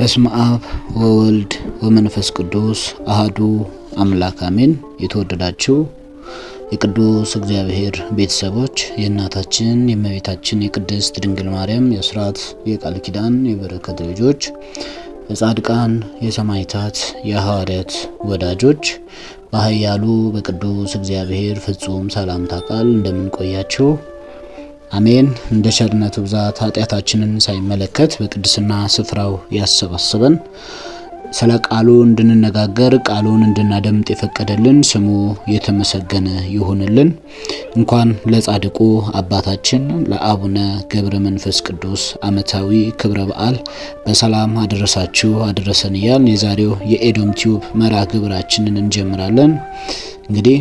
በስመ አብ ወወልድ ወመንፈስ ቅዱስ አህዱ አምላክ አሜን። የተወደዳችሁ የቅዱስ እግዚአብሔር ቤተሰቦች የእናታችን የእመቤታችን የቅድስት ድንግል ማርያም የስርዓት የቃል ኪዳን የበረከት ልጆች የጻድቃን የሰማይታት የሐዋርያት ወዳጆች በኃያሉ በቅዱስ እግዚአብሔር ፍጹም ሰላምታ ቃል እንደምንቆያችሁ አሜን። እንደ ቸርነቱ ብዛት ኃጢአታችንን ሳይመለከት በቅድስና ስፍራው ያሰባስበን። ስለ ቃሉ እንድንነጋገር ቃሉን እንድናደምጥ የፈቀደልን ስሙ የተመሰገነ ይሁንልን። እንኳን ለጻድቁ አባታችን ለአቡነ ገብረ መንፈስ ቅዱስ ዓመታዊ ክብረ በዓል በሰላም አደረሳችሁ አደረሰን እያልን የዛሬው የኤዶም ቲዩብ መርሃ ግብራችንን እንጀምራለን እንግዲህ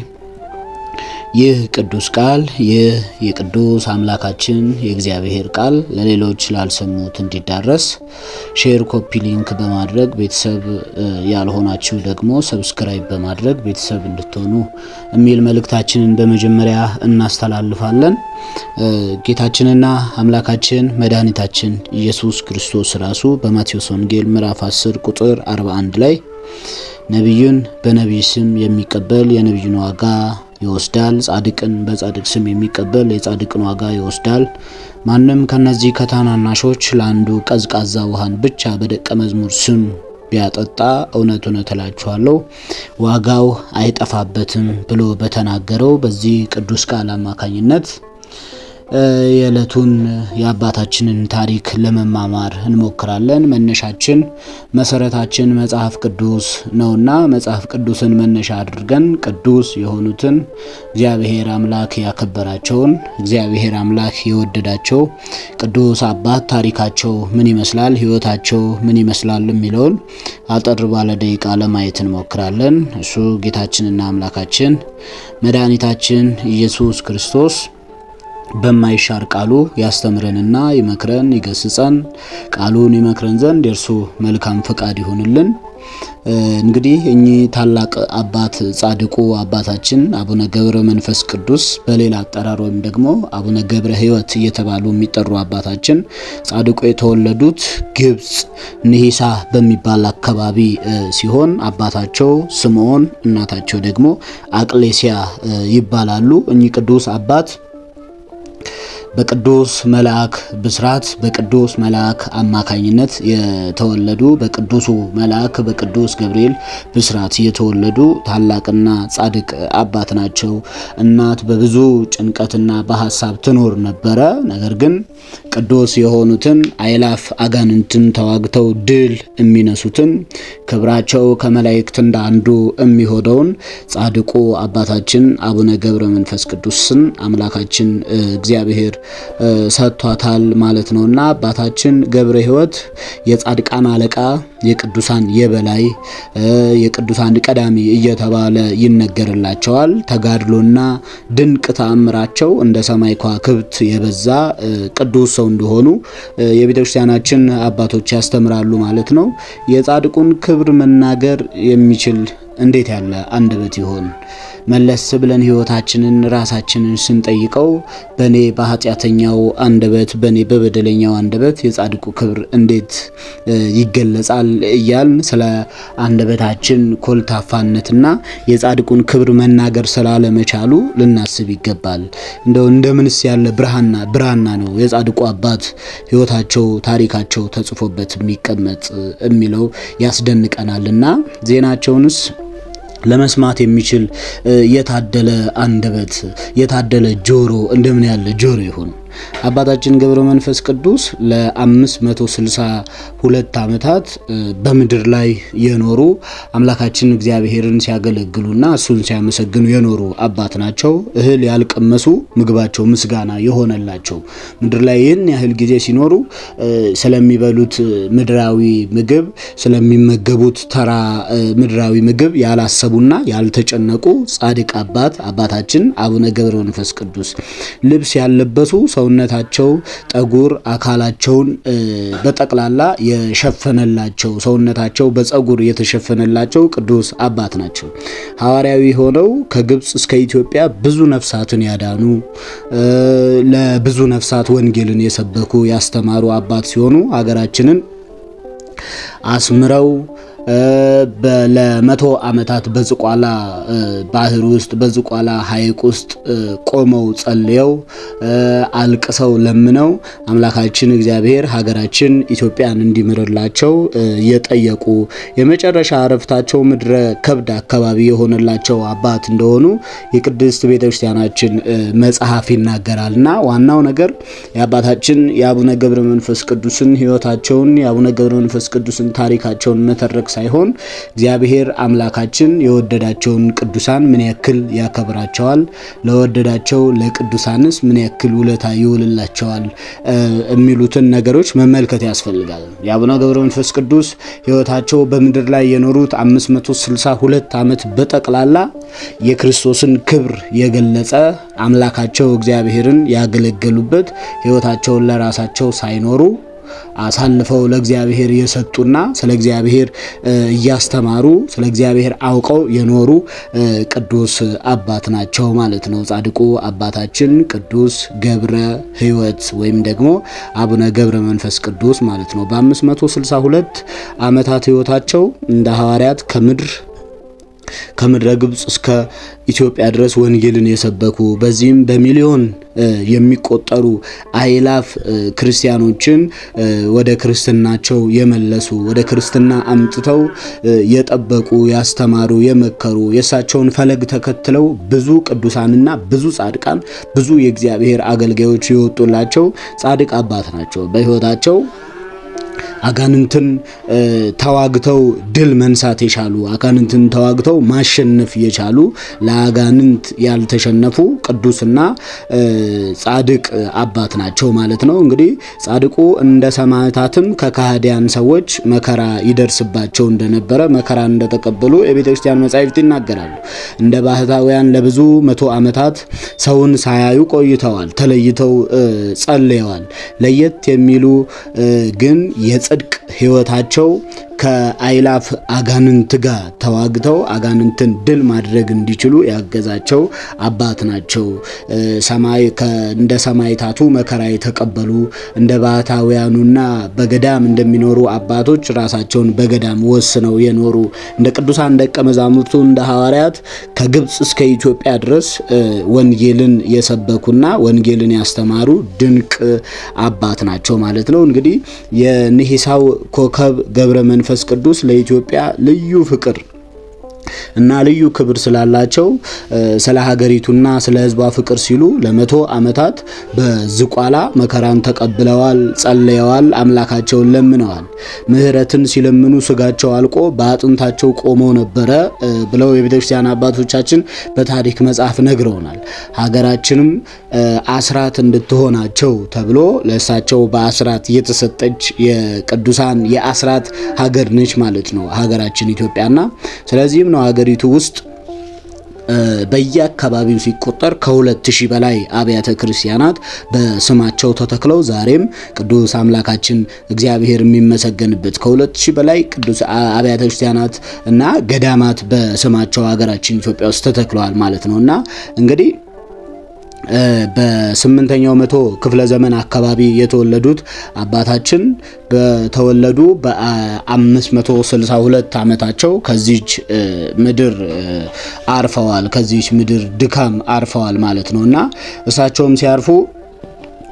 ይህ ቅዱስ ቃል ይህ የቅዱስ አምላካችን የእግዚአብሔር ቃል ለሌሎች ላልሰሙት እንዲዳረስ ሼር፣ ኮፒ ሊንክ በማድረግ ቤተሰብ ያልሆናችሁ ደግሞ ሰብስክራይብ በማድረግ ቤተሰብ እንድትሆኑ የሚል መልእክታችንን በመጀመሪያ እናስተላልፋለን። ጌታችንና አምላካችን መድኃኒታችን ኢየሱስ ክርስቶስ ራሱ በማቴዎስ ወንጌል ምዕራፍ 10 ቁጥር 41 ላይ ነቢዩን በነቢይ ስም የሚቀበል የነቢዩን ዋጋ ይወስዳል። ጻድቅን በጻድቅ ስም የሚቀበል የጻድቅን ዋጋ ይወስዳል። ማንም ከነዚህ ከታናናሾች ለአንዱ ቀዝቃዛ ውሃን ብቻ በደቀ መዝሙር ስም ቢያጠጣ እውነት እውነት እላችኋለሁ ዋጋው አይጠፋበትም ብሎ በተናገረው በዚህ ቅዱስ ቃል አማካኝነት የዕለቱን የአባታችንን ታሪክ ለመማማር እንሞክራለን። መነሻችን መሰረታችን መጽሐፍ ቅዱስ ነውና መጽሐፍ ቅዱስን መነሻ አድርገን ቅዱስ የሆኑትን እግዚአብሔር አምላክ ያከበራቸውን እግዚአብሔር አምላክ የወደዳቸው ቅዱስ አባት ታሪካቸው ምን ይመስላል፣ ህይወታቸው ምን ይመስላል የሚለውን አጠር ባለ ደቂቃ ለማየት እንሞክራለን። እሱ ጌታችንና አምላካችን መድኃኒታችን ኢየሱስ ክርስቶስ በማይሻር ቃሉ ያስተምረንና ይመክረን ይገስጸን፣ ቃሉን ይመክረን ዘንድ የእርሱ መልካም ፈቃድ ይሆንልን። እንግዲህ እኚህ ታላቅ አባት ጻድቁ አባታችን አቡነ ገብረ መንፈስ ቅዱስ በሌላ አጠራር ወይም ደግሞ አቡነ ገብረ ሕይወት እየተባሉ የሚጠሩ አባታችን ጻድቁ የተወለዱት ግብፅ ንሂሳ በሚባል አካባቢ ሲሆን አባታቸው ስምዖን እናታቸው ደግሞ አቅሌሲያ ይባላሉ። እኚህ ቅዱስ አባት በቅዱስ መልአክ ብስራት በቅዱስ መልአክ አማካኝነት የተወለዱ በቅዱሱ መልአክ በቅዱስ ገብርኤል ብስራት የተወለዱ ታላቅና ጻድቅ አባት ናቸው። እናት በብዙ ጭንቀትና በሀሳብ ትኖር ነበረ። ነገር ግን ቅዱስ የሆኑትን አይላፍ አጋንንትን ተዋግተው ድል የሚነሱትን ክብራቸው ከመላእክት እንደ አንዱ የሚሆነውን ጻድቁ አባታችን አቡነ ገብረ መንፈስ ቅዱስን አምላካችን እግዚአብሔር ሰጥቷታል ማለት ነው እና አባታችን ገብረ ሕይወት የጻድቃን አለቃ የቅዱሳን የበላይ የቅዱሳን ቀዳሚ እየተባለ ይነገርላቸዋል። ተጋድሎና ድንቅ ተአምራቸው እንደ ሰማይ ከዋክብት የበዛ ቅዱስ ሰው እንደሆኑ የቤተክርስቲያናችን አባቶች ያስተምራሉ ማለት ነው። የጻድቁን ክብር መናገር የሚችል እንዴት ያለ አንደበት ይሆን? መለስ ብለን ህይወታችንን ራሳችንን ስንጠይቀው በእኔ በኃጢአተኛው አንደበት በእኔ በበደለኛው አንደበት የጻድቁ ክብር እንዴት ይገለጻል እያልን ስለ አንደበታችን ኮልታፋነትና የጻድቁን ክብር መናገር ስላለመቻሉ ልናስብ ይገባል። እንደው እንደምንስ ያለ ብርሃና ብርሃና ነው የጻድቁ አባት ህይወታቸው ታሪካቸው ተጽፎበት የሚቀመጥ የሚለው ያስደንቀናልና ዜናቸውንስ ለመስማት የሚችል የታደለ አንደበት የታደለ ጆሮ እንደምን ያለ ጆሮ ይሁን። አባታችን ገብረ መንፈስ ቅዱስ ለ562 ዓመታት በምድር ላይ የኖሩ አምላካችን እግዚአብሔርን ሲያገለግሉና እሱን ሲያመሰግኑ የኖሩ አባት ናቸው። እህል ያልቀመሱ ምግባቸው ምስጋና የሆነላቸው ምድር ላይ ይህን ያህል ጊዜ ሲኖሩ ስለሚበሉት ምድራዊ ምግብ ስለሚመገቡት ተራ ምድራዊ ምግብ ያላሰቡና ያልተጨነቁ ጻድቅ አባት አባታችን አቡነ ገብረ መንፈስ ቅዱስ ልብስ ያለበሱ ሰውነታቸው ጠጉር አካላቸውን በጠቅላላ የሸፈነላቸው ሰውነታቸው በጸጉር የተሸፈነላቸው ቅዱስ አባት ናቸው። ሐዋርያዊ ሆነው ከግብፅ እስከ ኢትዮጵያ ብዙ ነፍሳትን ያዳኑ ለብዙ ነፍሳት ወንጌልን የሰበኩ ያስተማሩ አባት ሲሆኑ ሀገራችንን አስምረው ለመቶ ዓመታት በዝቋላ ባህር ውስጥ በዝቋላ ሐይቅ ውስጥ ቆመው ጸልየው አልቅሰው ለምነው አምላካችን እግዚአብሔር ሀገራችን ኢትዮጵያን እንዲምርላቸው የጠየቁ የመጨረሻ አረፍታቸው ምድረ ከብድ አካባቢ የሆነላቸው አባት እንደሆኑ የቅድስት ቤተክርስቲያናችን መጽሐፍ ይናገራል እና ዋናው ነገር የአባታችን የአቡነ ገብረ መንፈስ ቅዱስን ሕይወታቸውን የአቡነ ገብረ መንፈስ ቅዱስን ታሪካቸውን መተረክ ሳይሆን እግዚአብሔር አምላካችን የወደዳቸውን ቅዱሳን ምን ያክል ያከብራቸዋል፣ ለወደዳቸው ለቅዱሳንስ ምን ያክል ውለታ ይውልላቸዋል የሚሉትን ነገሮች መመልከት ያስፈልጋል። የአቡነ ገብረ መንፈስ ቅዱስ ሕይወታቸው በምድር ላይ የኖሩት 562 ዓመት በጠቅላላ የክርስቶስን ክብር የገለጸ አምላካቸው እግዚአብሔርን ያገለገሉበት ሕይወታቸውን ለራሳቸው ሳይኖሩ አሳልፈው ለእግዚአብሔር የሰጡና ስለ እግዚአብሔር እያስተማሩ ስለ እግዚአብሔር አውቀው የኖሩ ቅዱስ አባት ናቸው ማለት ነው። ጻድቁ አባታችን ቅዱስ ገብረ ሕይወት ወይም ደግሞ አቡነ ገብረ መንፈስ ቅዱስ ማለት ነው። በ562 ዓመታት ሕይወታቸው እንደ ሐዋርያት ከምድር ከምድረ ግብፅ እስከ ኢትዮጵያ ድረስ ወንጌልን የሰበኩ በዚህም በሚሊዮን የሚቆጠሩ አይላፍ ክርስቲያኖችን ወደ ክርስትናቸው የመለሱ ወደ ክርስትና አምጥተው የጠበቁ፣ ያስተማሩ፣ የመከሩ የእሳቸውን ፈለግ ተከትለው ብዙ ቅዱሳንና ብዙ ጻድቃን ብዙ የእግዚአብሔር አገልጋዮች የወጡላቸው ጻድቅ አባት ናቸው በሕይወታቸው አጋንንትን ተዋግተው ድል መንሳት የቻሉ አጋንንትን ተዋግተው ማሸነፍ የቻሉ ለአጋንንት ያልተሸነፉ ቅዱስና ጻድቅ አባት ናቸው ማለት ነው። እንግዲህ ጻድቁ እንደ ሰማዕታትም ከካህዲያን ሰዎች መከራ ይደርስባቸው እንደነበረ መከራ እንደተቀበሉ የቤተ ክርስቲያን መጻሕፍት ይናገራሉ። እንደ ባህታውያን ለብዙ መቶ ዓመታት ሰውን ሳያዩ ቆይተዋል፣ ተለይተው ጸልየዋል። ለየት የሚሉ ግን የጽድቅ ሕይወታቸው ከአይላፍ አጋንንት ጋር ተዋግተው አጋንንትን ድል ማድረግ እንዲችሉ ያገዛቸው አባት ናቸው። እንደ ሰማይታቱ መከራ የተቀበሉ እንደ ባህታውያኑና በገዳም እንደሚኖሩ አባቶች ራሳቸውን በገዳም ወስነው የኖሩ እንደ ቅዱሳን ደቀ መዛሙርቱ እንደ ሐዋርያት ከግብፅ እስከ ኢትዮጵያ ድረስ ወንጌልን የሰበኩና ወንጌልን ያስተማሩ ድንቅ አባት ናቸው ማለት ነው። እንግዲህ የንሂሳው ኮከብ ገብረ መንፈስ መንፈስ ቅዱስ ለኢትዮጵያ ልዩ ፍቅር እና ልዩ ክብር ስላላቸው ስለ ሀገሪቱና ስለ ህዝቧ ፍቅር ሲሉ ለመቶ ዓመታት በዝቋላ መከራን ተቀብለዋል፣ ጸልየዋል፣ አምላካቸውን ለምነዋል። ምህረትን ሲለምኑ ስጋቸው አልቆ በአጥንታቸው ቆመው ነበረ ብለው የቤተክርስቲያን አባቶቻችን በታሪክ መጽሐፍ ነግረውናል። ሀገራችንም አስራት እንድትሆናቸው ተብሎ ለእሳቸው በአስራት የተሰጠች የቅዱሳን የአስራት ሀገር ነች ማለት ነው ሀገራችን ኢትዮጵያና ስለዚህም ነው በሀገሪቱ ውስጥ በየአካባቢው ሲቆጠር ከሁለት ሺህ በላይ አብያተ ክርስቲያናት በስማቸው ተተክለው ዛሬም ቅዱስ አምላካችን እግዚአብሔር የሚመሰገንበት ከሁለት ሺህ በላይ ቅዱስ አብያተ ክርስቲያናት እና ገዳማት በስማቸው ሀገራችን ኢትዮጵያ ውስጥ ተተክለዋል ማለት ነው እና እንግዲህ በስምንተኛው መቶ ክፍለ ዘመን አካባቢ የተወለዱት አባታችን በተወለዱ በ562 ዓመታቸው ከዚች ምድር አርፈዋል። ከዚች ምድር ድካም አርፈዋል ማለት ነው እና እሳቸውም ሲያርፉ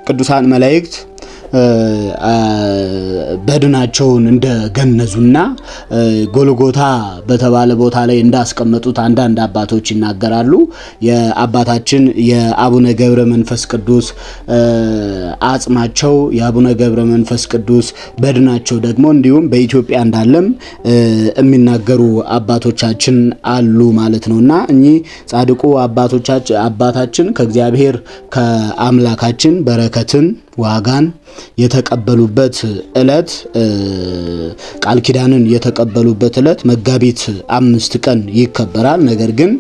ቅዱሳን መላእክት በድናቸውን እንደገነዙና ጎልጎታ በተባለ ቦታ ላይ እንዳስቀመጡት አንዳንድ አባቶች ይናገራሉ። የአባታችን የአቡነ ገብረ መንፈስ ቅዱስ አጽማቸው የአቡነ ገብረ መንፈስ ቅዱስ በድናቸው ደግሞ እንዲሁም በኢትዮጵያ እንዳለም የሚናገሩ አባቶቻችን አሉ ማለት ነው እና እኚህ ጻድቁ አባቶቻችን አባታችን ከእግዚአብሔር ከአምላካችን በረከትን ዋጋን የተቀበሉበት እለት ቃል ኪዳንን የተቀበሉበት እለት መጋቢት አምስት ቀን ይከበራል። ነገር ግን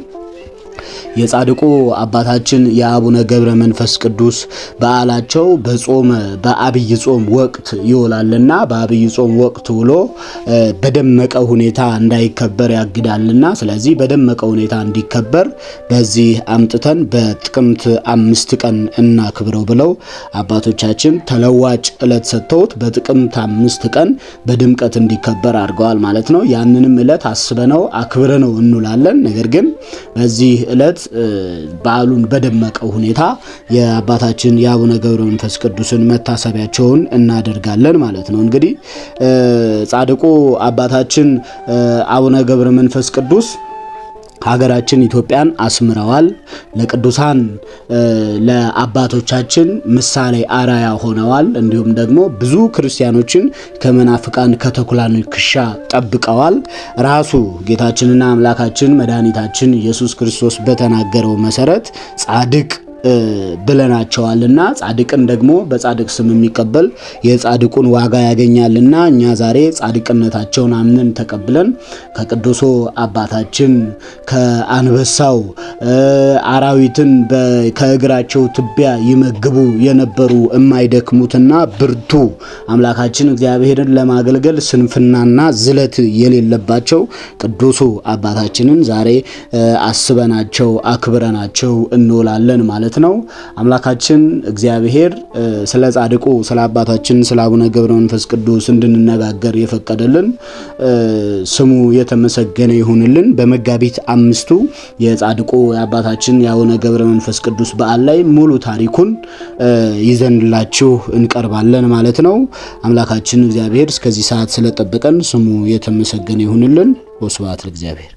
የጻድቁ አባታችን የአቡነ ገብረ መንፈስ ቅዱስ በዓላቸው በጾም በአብይ ጾም ወቅት ይውላልና በአብይ ጾም ወቅት ውሎ በደመቀ ሁኔታ እንዳይከበር ያግዳልና ስለዚህ በደመቀ ሁኔታ እንዲከበር በዚህ አምጥተን በጥቅምት አምስት ቀን እናክብረው ብለው አባቶቻችን ተለዋጭ ዕለት ሰጥተውት በጥቅምት አምስት ቀን በድምቀት እንዲከበር አድርገዋል ማለት ነው። ያንንም ዕለት አስበነው አክብረነው እንውላለን። ነገር ግን በዚህ ዕለት በዓሉን በደመቀው ሁኔታ የአባታችን የአቡነ ገብረ መንፈስ ቅዱስን መታሰቢያቸውን እናደርጋለን ማለት ነው። እንግዲህ ጻድቁ አባታችን አቡነ ገብረ መንፈስ ቅዱስ ሀገራችን ኢትዮጵያን አስምረዋል። ለቅዱሳን ለአባቶቻችን ምሳሌ አራያ ሆነዋል። እንዲሁም ደግሞ ብዙ ክርስቲያኖችን ከመናፍቃን ከተኩላን ክሻ ጠብቀዋል። ራሱ ጌታችንና አምላካችን መድኃኒታችን ኢየሱስ ክርስቶስ በተናገረው መሰረት ጻድቅ ብለናቸዋልና ጻድቅን ደግሞ በጻድቅ ስም የሚቀበል የጻድቁን ዋጋ ያገኛልና እኛ ዛሬ ጻድቅነታቸውን አምነን ተቀብለን ከቅዱሱ አባታችን ከአንበሳው አራዊትን ከእግራቸው ትቢያ ይመግቡ የነበሩ የማይደክሙትና ብርቱ አምላካችን እግዚአብሔርን ለማገልገል ስንፍናና ዝለት የሌለባቸው ቅዱሱ አባታችንን ዛሬ አስበናቸው አክብረናቸው እንውላለን ማለት ማለት ነው። አምላካችን እግዚአብሔር ስለ ጻድቁ ስለ አባታችን ስለ አቡነ ገብረ መንፈስ ቅዱስ እንድንነጋገር የፈቀደልን ስሙ የተመሰገነ ይሁንልን። በመጋቢት አምስቱ የጻድቁ የአባታችን የአቡነ ገብረ መንፈስ ቅዱስ በዓል ላይ ሙሉ ታሪኩን ይዘንላችሁ እንቀርባለን ማለት ነው። አምላካችን እግዚአብሔር እስከዚህ ሰዓት ስለጠበቀን ስሙ የተመሰገነ ይሁንልን። ወስብሐት ለእግዚአብሔር።